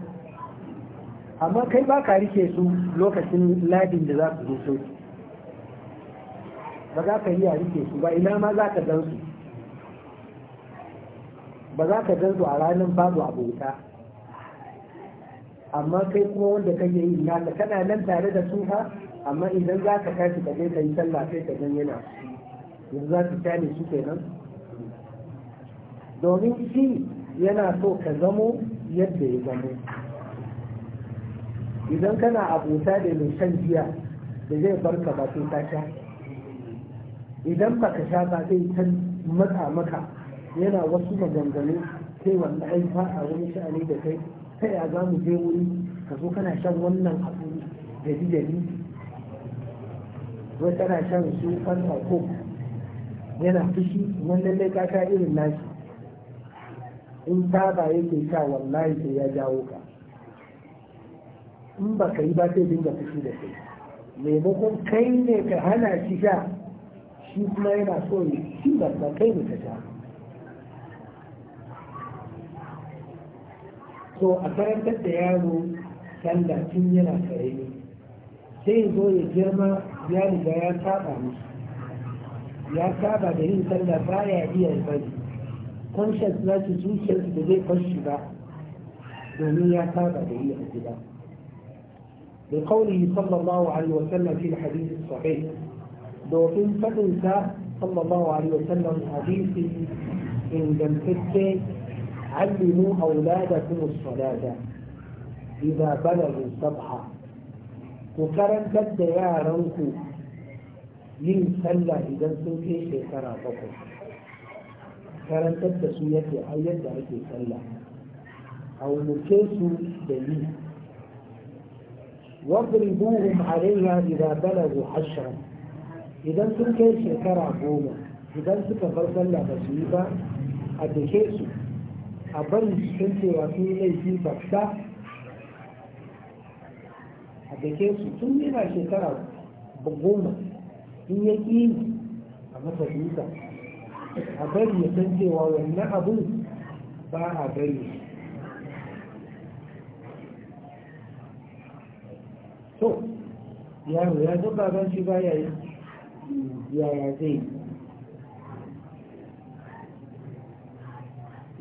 amma kai ba ka rike su lokacin ladin da za su zo sauki ba za ka iya rike su ba ina ma za ka gan su ba za ka gan su a ranar babu abota amma kai kuma wanda ka yi ina ka kana nan tare da su ha amma idan za ka kashi ka je ka yi sallah sai ka gan yana yanzu za su tare su kenan domin shi yana so ka zamo yadda ya zamo idan kana abota da mai shan giya da zai barka ba sai ka sha idan ba ka sha ba zai ta maka maka yana wasu maganganu sai wanda ai fa a wani sha'ani da kai ta ya za mu je wuri ka zo kana shan wannan abu da jadi wai kana shan su fanta ko yana fushi wannan dai ka sha irin nashi in ta ba yake sha wallahi sai ya jawo ka in ba ka yi ba sai dinga fushi da kai maimakon kai ne ka hana shi sha shi kuma yana so ya shi ba kai ne ka sha so a karantar da yaro sanda tun yana ne sai zo ya girma ya riga ya saba ne ya saba da yin ba ya iya bari conscious na shi zuciyarsa da zai kwashi ba domin ya saba da yi a gida لقوله صلى الله عليه وسلم في الحديث الصحيح دوتين فتنسى صلى الله عليه وسلم حديث إن جمتك علموا أولادكم الصلاة إذا بلغوا سبعة وكرم بد يا روكو من سلة إذا سنك شكرا بكو كرم بد سويته أي يدعك سلة أو نكيسو دليل واضربوهم عليها إذا بلغوا حشرا إذا سكي شكرا قوما إذا سكي فرسل بسيطة أدكيسو أبن سنتي وفيني في بكتا أدكيسو ثم إلى شكرا قوما إن يكين أما بسيطة أبن يسنتي وأن أبن ba a gari to yaro ya ga baban shi baya yi yaya zai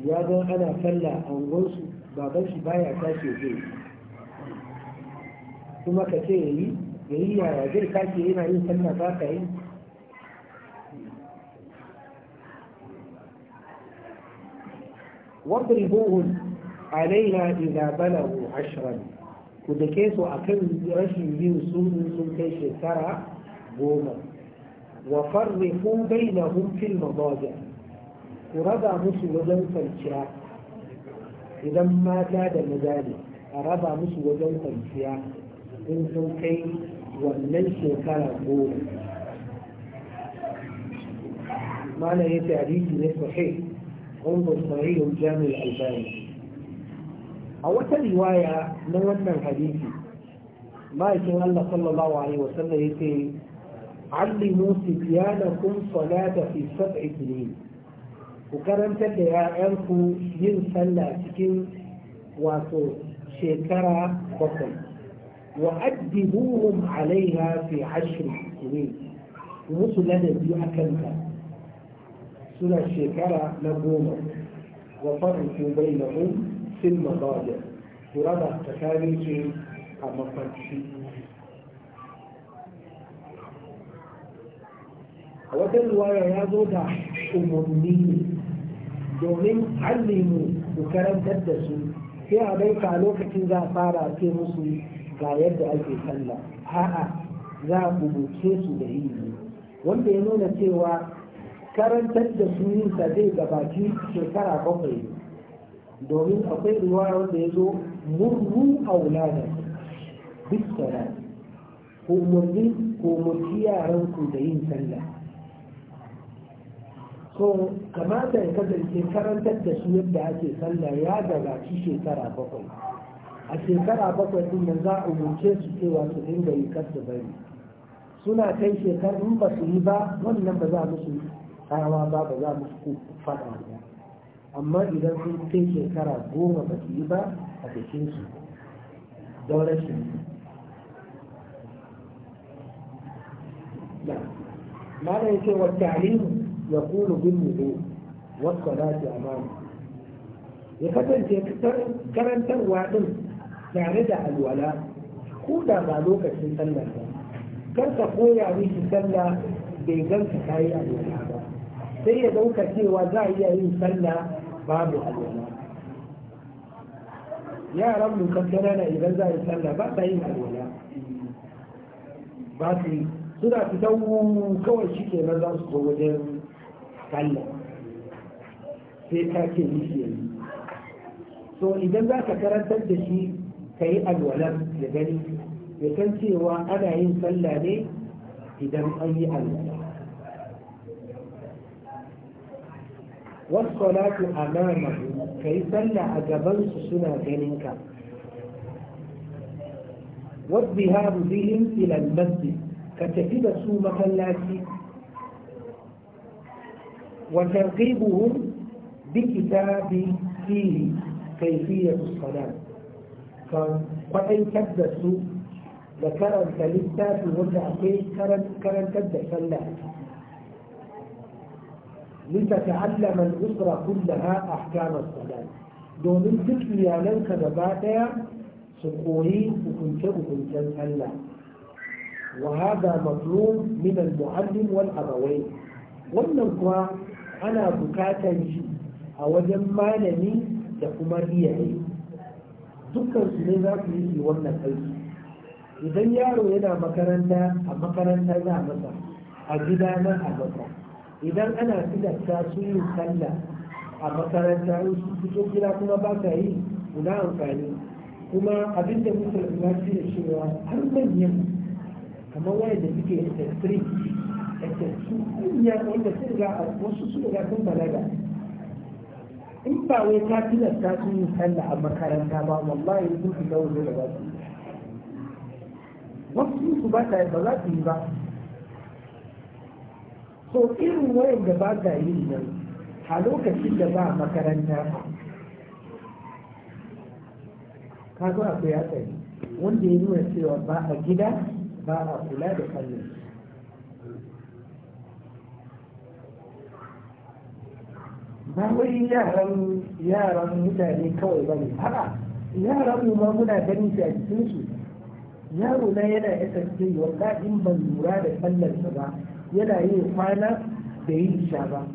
ya ga ana sallah a unguwarsu baban shi baya tashi zai kuma ka ce yayi yayi yaya zai tashi yana yin sallah ba ka yi واضربوهم علينا إذا بلغوا ashirin. ku dake su a kan rashin yin sun sun kai shekara goma wa farrifu bainahum fil madaja ku raba musu wajen kwanciya idan mata da maza ne a raba musu wajen kwanciya in sun kai wannan shekara goma mana ya ce hadisi ne sahih انظر صحيح الجامع الألباني a wata riwaya na wannan hadisi ma'aikin Allah sallallahu alaihi wasallam yake allimu sibyanakum salata fi sab'i sinin ku karantar da ya'yanku yin sallah cikin wato shekara bakwai wa addibuhum alaiha fi ashri sinin musu ladabi akan ta suna shekara na goma wa farqu bainahum fil mazaje kura da tsakanin su a a wata ruwaya ya zo da umarni domin allimu ku karantar da su sai a baika lokacin za a fara ce musu ga yadda ake sallah a'a za a kubuce su da ilimi wanda ya nuna cewa karantar da su sa zai gabaci shekara bakwai domin akwai ruwa wanda ya zo murru aulada duk sala ko murni ko murci yaranku da yin sallah so kamata ya kasance karantar da su yadda ake sallah ya gabaci shekara bakwai a shekara bakwai din nan za a umarce su cewa su dinga yi kar su bari suna kai shekarun ba su yi ba wannan ba za musu karawa ba ba za musu faɗa ba amma idan sun kai shekara goma ba su yi ba a cikin su don rashin ya ما لا يكون والتعليم يقول بالنبوء والصلاة Ya kasance karantar تنوى tare da alwala ko da ba lokacin sallah ba kar ka koya miki sallah bai ganka kayi alwala ba sai ya dauka cewa za a iya yin sallah babu alwala yaran mu kankana na idan za a yi sallah ba sa yin alwala ba su suna fitan kawai shi ke nan za su zo wajen sallah sai ta ke yi yanzu. yi so idan za ka karantar da shi ka yi alwalar da gani ya san cewa ana yin sallah ne idan an yi alwala والصلاة أمامه كي لا أجبنس سنة جنينك والذهاب بهم إلى المسجد كتفيد سومة اللاتي وتنقيبهم بكتاب فيه كيفية الصلاة فإن تبدأ ذكرت للتاف وجه كرن كرنت الدسلة لتتعلم الأسرة كلها أحكام الصلاة domin duk iyalanka gaba ɗaya su koyi hukunce-hukuncen sallah wa hada matlub min al-muallim wal abawain wannan kuwa ana bukatar shi a wajen malami da kuma iyaye dukkan ne za su yi wannan aiki idan yaro yana makaranta a makarantar za a masa a gida nan a masa idan ana tilasta su yin sallah a makaranta in su fito gida kuma ba ka yi kuna amfani kuma abin da muka lura shi da cewa har manyan kamar da suke ss3 ss2 kunya wanda sun ga wasu su ga sun balaga in ba wai ka tilasta su yin sallah a makaranta ba wallahi sun fi gawo da ba su wasu su ba ta yi ba za su yi ba so irin wayan da ba ga yi nan a lokacin da ba makaranta ka zo ya hatsari wanda ya nuna cewa ba a gida ba a kula da kallon. ba wai yaran yaran mutane kawai ba ne a'a yaran mu ma muna ganin shi a cikin su yaro na yana SSD wanda in ban lura da sallar ba yana yin kwana da yi isha ba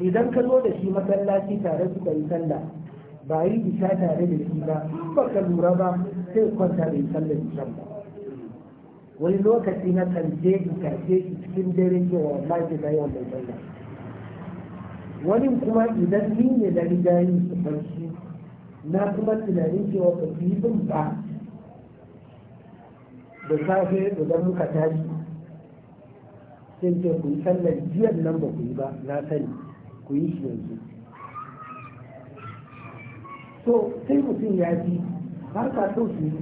idan ka zo da shi masallaci tare su kai sallah ba yi isha tare da shi ba ba ka lura ba sai kwanta da yi sallar isha ba wani lokaci na kanje in karfe shi cikin dare wa maji na yau mai sallah wani kuma idan ni ne na riga yin su barci na kuma tunanin cewa ba su yi ba da safe idan muka tashi sai ce ku yi sallar jiyar nan ba ku yi ba na sani ku yi shi yanzu to sai mutum ya ji har ka so su yi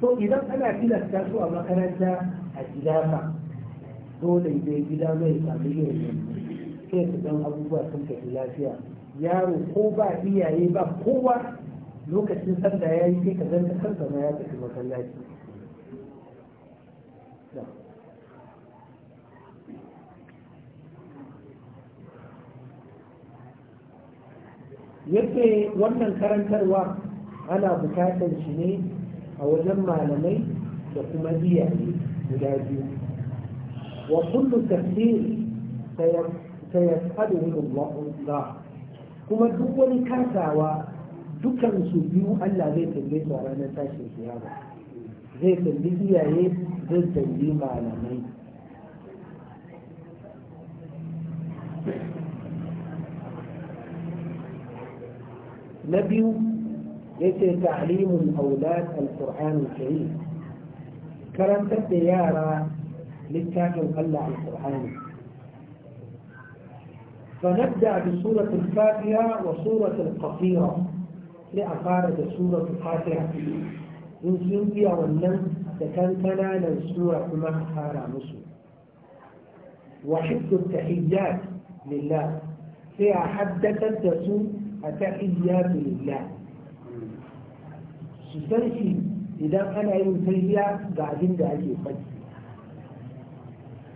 to idan ana tilasta su a makaranta a gida ka, dole ne gida mai sami yin yanzu sai su dan abubuwa sun tafi lafiya yaro ko ba iyaye ba kowa lokacin sanda ya yi sai ka zanta kansa ma ya tafi masallaci yake wannan karantarwa ana bukatar shi ne a wajen malamai da kuma iyaye guda biyu wa kullu tafsir wani Allah kuma duk wani kasawa dukan su biyu Allah zai tambaye su a ranar tashin kiyama zai tambi iyaye zai tambi malamai نبي يتي تعليم الأولاد القرآن الكريم كلام تبديارا للتاكل قلع القرآن فنبدأ بسورة الفاتحة وسورة القصيرة لأقارة سورة الفاتحة إن سنبيا ونم تكنتنا للسورة مخارة مسلم وحفظ التحيات لله فيها حدثت سورة a kan ijiyatu lilla su san idan ana yin tarbiya ga abin da ake faɗi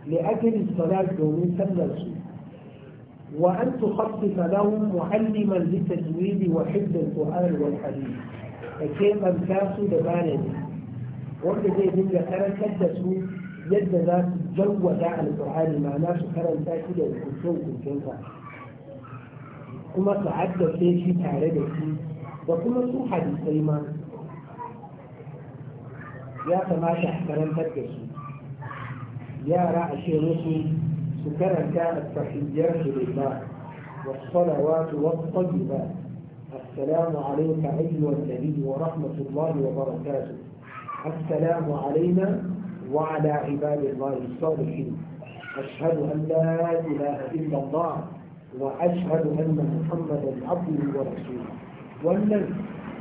li akili salat domin sallar su wa an tukhaffifa lahum mu'alliman li tajwid wa hifd al-qur'an wa ke man kasu da bane wanda zai dinga karantar da su yadda za su jawwada al-qur'ani ma su karanta shi da rubutun kuntunka kuma su haddace shi tare da shi da kuma su hadisai ma ya kamata a karantar da su yara a ce musu su karanta a tahiyyar shirika والصلوات والطيبات السلام عليك أيها النبي ورحمة الله وبركاته السلام علينا وعلى عباد الله الصالحين أشهد أن لا إله إلا الله وأشهد أن محمدا عبده ورسوله والذي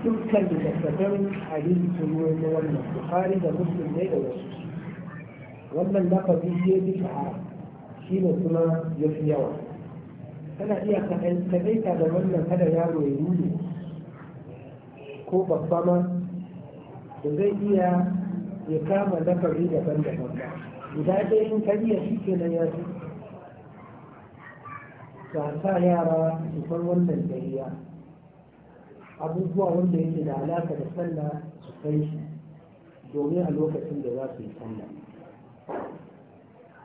تلك اللي تكتبه حديث سنوين والنبي البخاري مسلم ليلة وسوس والله لقى في سيد الشعار شينا سنة يفي يوم أنا إيا كتبيت على هذا يارو يروني كوب الصمى وزي إيا إيه يكام لقى في ده بند والله وده إيا إن كان يشيكنا ga sa yara su san wannan dariya abubuwa wanda yake da alaka da sallah su kai shi domin a lokacin da za su yi sallah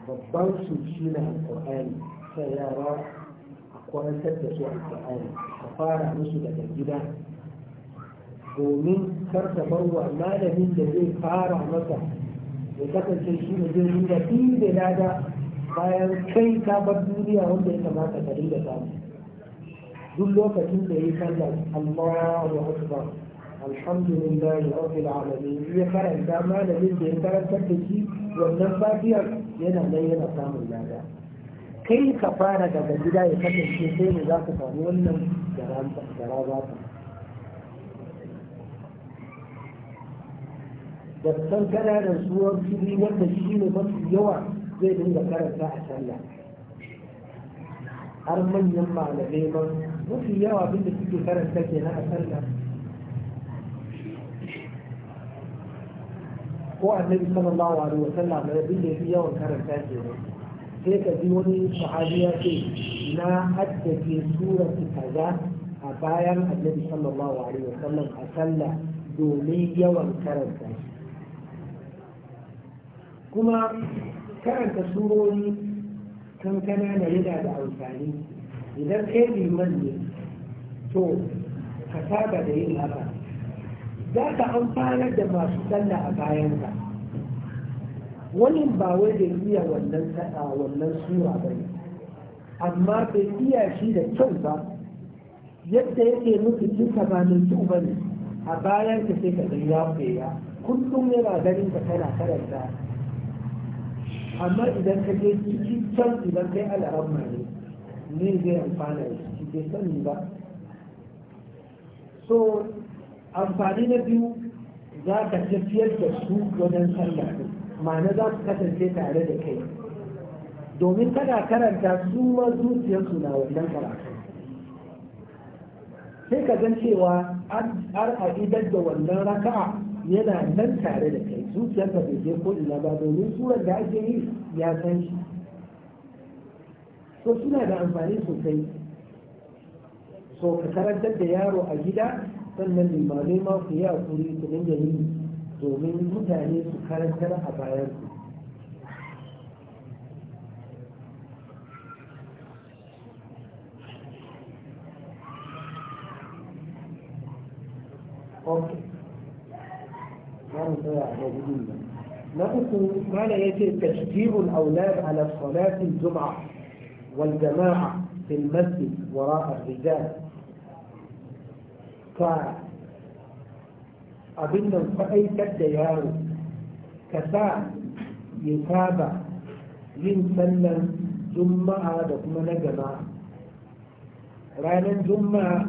babban su shi na alƙur'ani sa yara a kwantar da su alƙur'ani a fara musu daga gida domin karta barwa malamin da zai fara masa ya kasance shi ne zai nuna inda lada bayan kai ta bar duniya wanda ya kamata ka dinga samu duk lokacin da ya sallar Allahu akbar alhamdulillah rabbil alamin ya karanta malamin da ya karanta da shi wannan fatiyar yana nan yana samun lada kai ka fara daga gida ya kasance sai ne za ka samu wannan gara za ka da san kana da suwar shiri wanda shi ne mafi yawa zai dinga karanta a sallah har manyan malamai ma mafi yawa abinda suke karanta kenan a sallah ko annabi sallallahu alaihi wa sallam da abin da yafi yawan karanta ke sai ka ji wani sahabi ya ce na haddace surar kaza a bayan annabi sallallahu alaihi wa sallam a sallah domin yawan karanta kuma karanta surori kan na yana da amfani idan kai liman ne to ka saba da yin haka za ka amfanar da masu tsalla a bayan ka. wani ba wai da iya wannan wannan sura ba ne amma bai iya shi da kyau ba yadda yake musu duka ba mai kyau ba ne a bayan ka sai ka ɗan ya kullum yana ganin ka tana karanta amma idan ka je cikin can idan kai al'amma ne ne zai amfana da shi bai sani ba so amfani na biyu za ka tafiyar da su wajen sallah ma'ana za su kasance tare da kai domin kana karanta su ma su na wannan karatu sai ka gan cewa har a idar da wannan raka'a yana nan tare da kai zuciyarka bai je ko ina ba domin surar da ake yi ya san shi so suna da amfani sosai so ka karantar da yaro a gida sannan limamai ma ku yi hakuri su dinga yi domin mutane su karantar a bayan ku Okay. نقول ما لا يجب تشجير الأولاد على صلاة الجمعة والجماعة في المسجد وراء الرجال ف أبنا فأي كالديار كفا يتابع ينسلم جمعة دقمنا جماعة رانا جمعة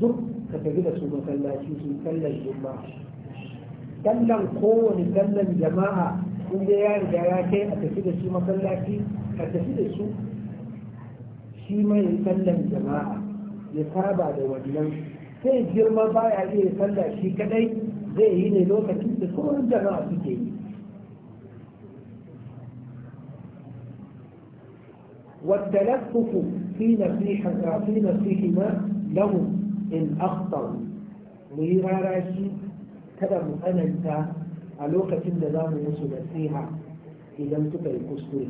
دق كتبه سبحانه الله سبحانه الله sallan kowane sallan jama'a in dai ya riga ya kai a tafi da su masallaci a tafi da su shi mai sallan jama'a ya saba da wannan sai girma baya iya sallah shi kadai zai yi ne lokacin da sauran jama'a suke yi والتلفف في نصيحة في نصيحنا لهم إن أخطأوا ويرى kada mu tsananta a lokacin da za mu musu nasiha idan suka yi kuskure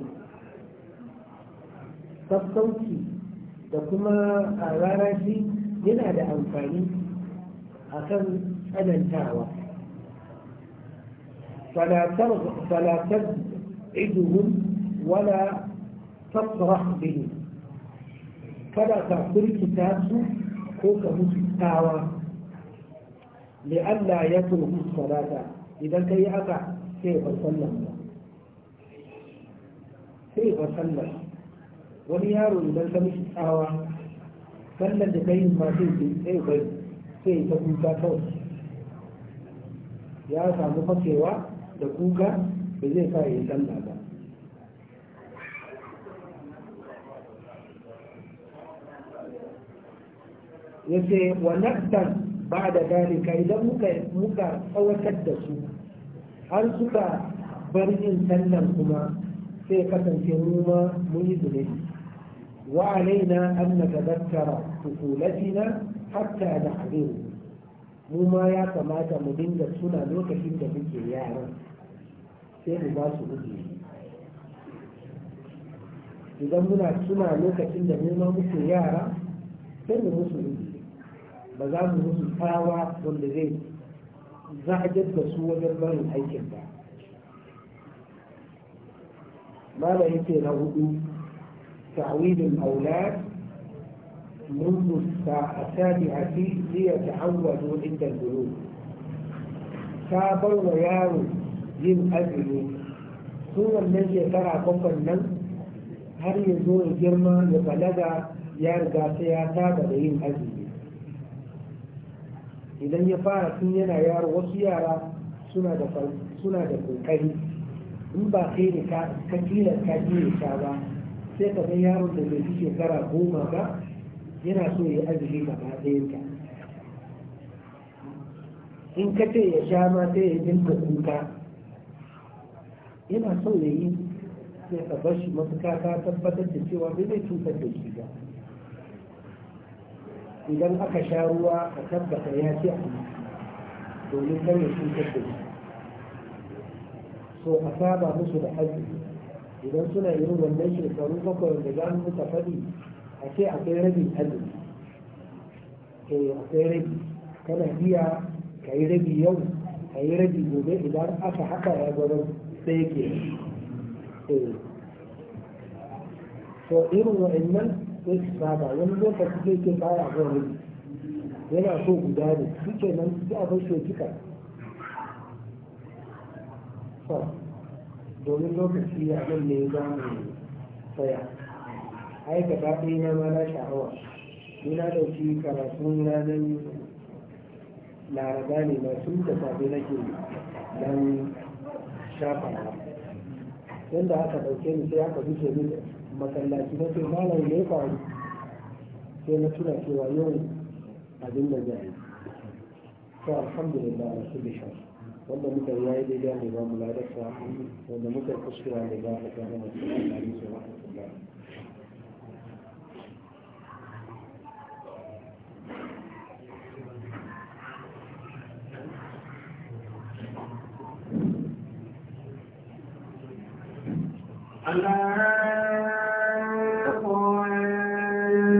sassauci da kuma rarashi yana da amfani a kan tsanantawa Falatar تبعدهم wala تفرح بهم kada ka firkita su ko ka musu tawa Me Allah ya turku salata idan ka yi haka sai ya wani yaro idan ka mishi tsawa sallan da kai ma sai sai bai sai ta kuka kawai ya samu fakewa da kuka da zai sa ya sallah ba ya ce wa naktan ba da dalika idan muka muka tsawatar da su har suka bar yin sallan kuma sai kasance mu ma mun yi zunubi wa alaina an natadhakkara tukulatina hatta hadiru mu ma ya kamata mu dinga suna lokacin da muke yara sai mu ba su uzuri idan muna suna lokacin da mu ma muke yara sai mu musu uzuri ba za mu musu tsawa wanda zai zahajar da su wajen barin aikin ba mala yake na hudu Aula, ta'widul aulad ta السابعة ليتعودوا عند Ta bar wa yaro yin azumi su wannan shekara bakwai nan har ya zo girma da balaga ya riga ta ya saba da yin azumi idan ya fara tun yana yaro wasu yara suna da kokari in ba kai ne ka ta kila ka ba sai ka san yaron da bai fi shekara goma ba yana so ya azumi ba ɗayan ka in ka ce ya sha ma sai ya dinka kuka yana so ya yi sai ka bar shi matuƙa ka tabbatar da cewa bai zai cutar da shi ba idan aka sha ruwa a tabbata ya ci abinci domin kan ya cutar da so a saba musu da azumi idan suna irin wannan shekaru bakwai da za mu ta faɗi a ce akwai rabin azumi eh akwai rabi kana iya ka yi rabi yau ka yi rabi gobe idan aka haka ya gwanon sai ke so irin wa'annan sai su saba wani lokaci zai ke baya a gwamnati yana so guda ne shi ke nan su a bar shi kika domin lokaci a nan ne za mu tsaya ai ga na ma na sha'awa ni na ɗauki karatun ranar laraba ne masu da safe nake dan shafa yadda aka ɗauke ni sai aka fice da. masallaci na ce malam mai faru sai na tuna cewa yau abin da zai yi to alhamdulillah na su bishar wanda muka yi yayi daidai ne ba mu ladarsa wanda muka yi kuskura ne ba mu gane masu alhamdulillah su rahmatullah Allah